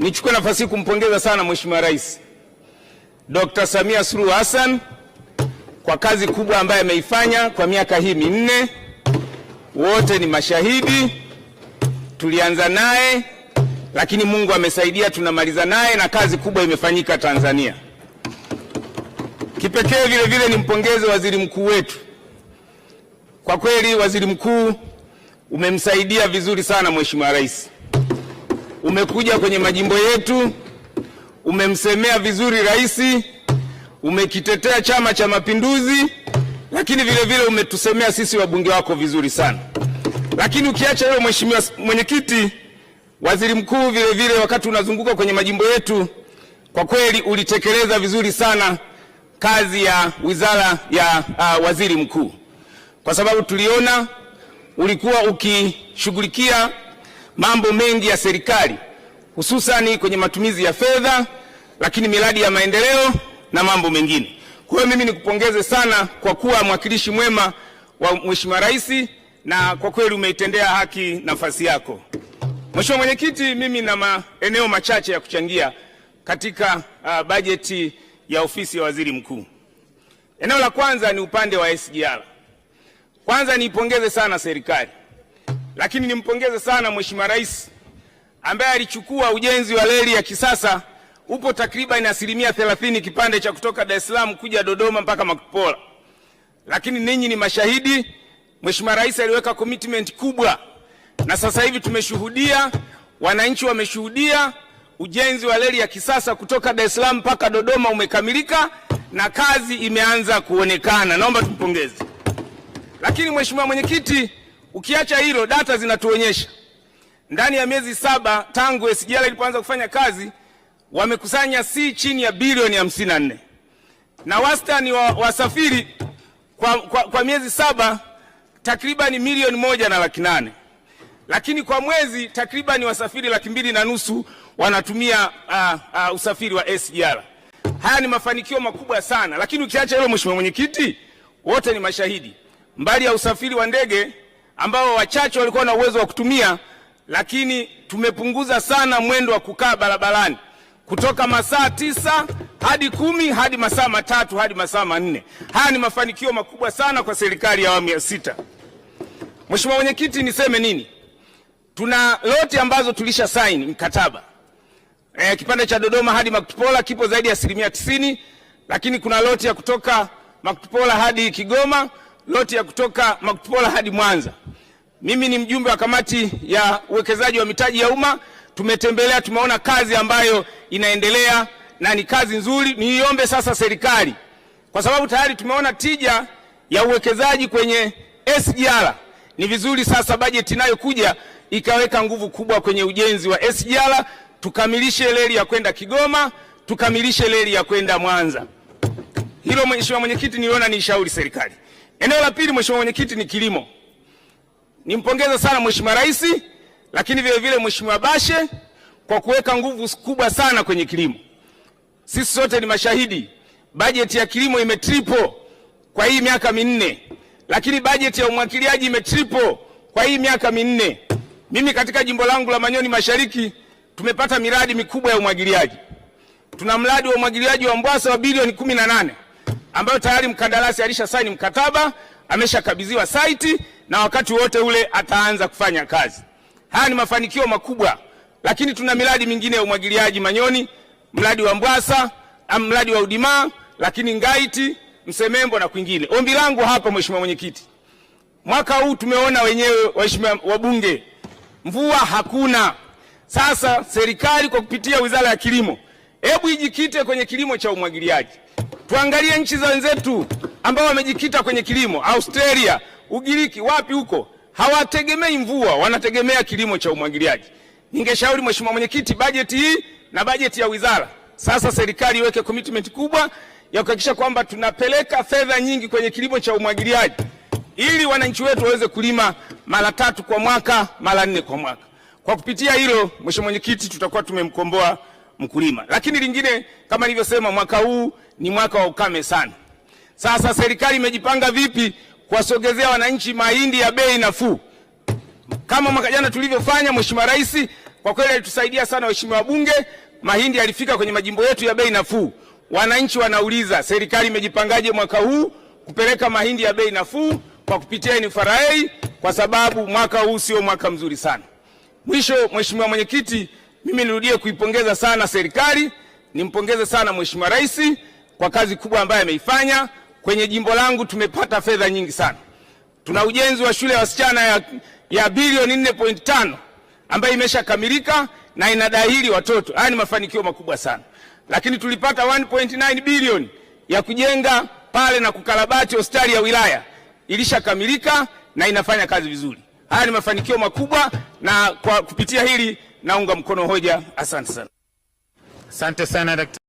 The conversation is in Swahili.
Nichukue nafasi hii kumpongeza sana Mheshimiwa Rais Dr. Samia Suluhu Hassan kwa kazi kubwa ambayo ameifanya kwa miaka hii minne. Wote ni mashahidi, tulianza naye, lakini Mungu amesaidia, tunamaliza naye na kazi kubwa imefanyika Tanzania. Kipekee vile vile nimpongeze waziri mkuu wetu. Kwa kweli, waziri mkuu, umemsaidia vizuri sana Mheshimiwa Rais. Umekuja kwenye majimbo yetu, umemsemea vizuri rais, umekitetea Chama cha Mapinduzi, lakini vile vile umetusemea sisi wabunge wako vizuri sana. Lakini ukiacha hilo, mheshimiwa mwenyekiti, waziri mkuu, vile vile wakati unazunguka kwenye majimbo yetu, kwa kweli ulitekeleza vizuri sana kazi ya wizara ya uh, waziri mkuu, kwa sababu tuliona ulikuwa ukishughulikia mambo mengi ya serikali hususani kwenye matumizi ya fedha, lakini miradi ya maendeleo na mambo mengine. Kwa hiyo mimi nikupongeze sana kwa kuwa mwakilishi mwema wa Mheshimiwa Rais na kwa kweli umeitendea haki nafasi yako. Mheshimiwa Mwenyekiti, mimi na maeneo machache ya kuchangia katika uh, bajeti ya ofisi ya waziri mkuu. Eneo la kwanza ni upande wa SGR. Kwanza niipongeze sana serikali lakini nimpongeze sana Mheshimiwa Rais ambaye alichukua ujenzi wa reli ya kisasa upo takriban asilimia thelathini kipande cha kutoka Dar es Salaam kuja Dodoma mpaka Makupola. Lakini ninyi ni mashahidi, Mheshimiwa Rais aliweka commitment kubwa, na sasa hivi tumeshuhudia, wananchi wameshuhudia ujenzi wa reli ya kisasa kutoka Dar es Salaam mpaka Dodoma umekamilika na kazi imeanza kuonekana. Naomba tumpongeze. Lakini Mheshimiwa Mwenyekiti, Ukiacha hilo, data zinatuonyesha ndani ya miezi saba tangu SGR ilipoanza kufanya kazi wamekusanya si chini ya bilioni hamsini na nne na wastani wa wasafiri kwa, kwa, kwa miezi saba takribani milioni moja na laki nane lakini kwa mwezi takribani wasafiri laki mbili na nusu wanatumia uh, uh, usafiri wa SGR. Haya ni mafanikio makubwa sana, lakini ukiacha hilo, Mheshimiwa Mwenyekiti, wote ni mashahidi. Mbali ya usafiri wa ndege ambao wachache walikuwa na uwezo wa kutumia, lakini tumepunguza sana mwendo wa kukaa barabarani kutoka masaa tisa hadi kumi hadi masaa matatu hadi masaa manne. Haya ni mafanikio makubwa sana kwa serikali ya awamu ya sita. Mheshimiwa Mwenyekiti, niseme nini? Tuna loti ambazo tulisha saini mkataba e, kipande cha Dodoma hadi Makutupola kipo zaidi ya asilimia tisini, lakini kuna loti ya kutoka Makutupola hadi Kigoma, loti ya kutoka Makutupola hadi Mwanza. Mimi ni mjumbe wa kamati ya uwekezaji wa mitaji ya umma. Tumetembelea, tumeona kazi ambayo inaendelea na ni kazi nzuri. Niiombe sasa serikali, kwa sababu tayari tumeona tija ya uwekezaji kwenye SGR, ni vizuri sasa bajeti inayokuja ikaweka nguvu kubwa kwenye ujenzi wa SGR, tukamilishe reli ya kwenda Kigoma, tukamilishe reli ya kwenda Mwanza. Hilo Mheshimiwa Mwenyekiti, niliona shauri serikali. Eneo la pili, Mheshimiwa Mwenyekiti, ni kilimo. Nimpongeze sana Mheshimiwa Rais, lakini vile vile Mheshimiwa Bashe kwa kuweka nguvu kubwa sana kwenye kilimo. Sisi sote ni mashahidi, bajeti ya kilimo imetripo kwa hii miaka minne, lakini bajeti ya umwagiliaji imetripo kwa hii miaka minne. Mimi katika jimbo langu la Manyoni Mashariki tumepata miradi mikubwa ya umwagiliaji. Tuna mradi wa umwagiliaji wa Mbwasa wa bilioni 18 ambayo tayari mkandarasi alisha saini mkataba, ameshakabidhiwa saiti na wakati wote ule ataanza kufanya kazi. Haya ni mafanikio makubwa, lakini tuna miradi mingine ya umwagiliaji Manyoni, mradi wa Mbwasa, mradi wa Udimaa, lakini Ngaiti, Msemembo na kwingine. Ombi langu hapa, Mheshimiwa Mwenyekiti, mwaka huu tumeona wenyewe, waheshimiwa wabunge, mvua hakuna. Sasa serikali kwa kupitia Wizara ya Kilimo, hebu ijikite kwenye kilimo cha umwagiliaji. Tuangalie nchi za wenzetu ambao wamejikita kwenye kilimo, Australia Ugiriki, wapi huko, hawategemei mvua, wanategemea kilimo cha umwagiliaji. Ningeshauri mheshimiwa mwenyekiti, bajeti hii na bajeti ya wizara, sasa serikali iweke commitment kubwa ya kuhakikisha kwamba tunapeleka fedha nyingi kwenye kilimo cha umwagiliaji ili wananchi wetu waweze kulima mara tatu kwa mwaka, mara nne kwa mwaka. Kwa kupitia hilo, mheshimiwa mwenyekiti, tutakuwa tumemkomboa mkulima. Lakini lingine kama nilivyosema, mwaka huu ni mwaka wa ukame sana. Sasa serikali imejipanga vipi kuwasogezea wananchi mahindi ya bei nafuu kama mwaka jana tulivyofanya. Mheshimiwa Rais kwa kweli alitusaidia sana, waheshimiwa wabunge, mahindi yalifika kwenye majimbo yetu ya bei nafuu. Wananchi wanauliza serikali imejipangaje mwaka huu kupeleka mahindi ya bei nafuu kwa kupitia NFRA, kwa sababu mwaka huu sio mwaka mzuri sana. Mwisho, Mheshimiwa Mwenyekiti, mimi nirudie kuipongeza sana serikali, nimpongeze sana Mheshimiwa Rais kwa kazi kubwa ambayo ameifanya. Kwenye jimbo langu tumepata fedha nyingi sana. Tuna ujenzi wa shule ya wasichana ya, ya bilioni 4.5 ambayo imeshakamilika na inadahili watoto. Haya ni mafanikio makubwa sana, lakini tulipata 1.9 bilioni ya kujenga pale na kukarabati hospitali ya wilaya, ilishakamilika na inafanya kazi vizuri. Haya ni mafanikio makubwa, na kwa kupitia hili naunga mkono hoja. Asante sana, asante sana daktari.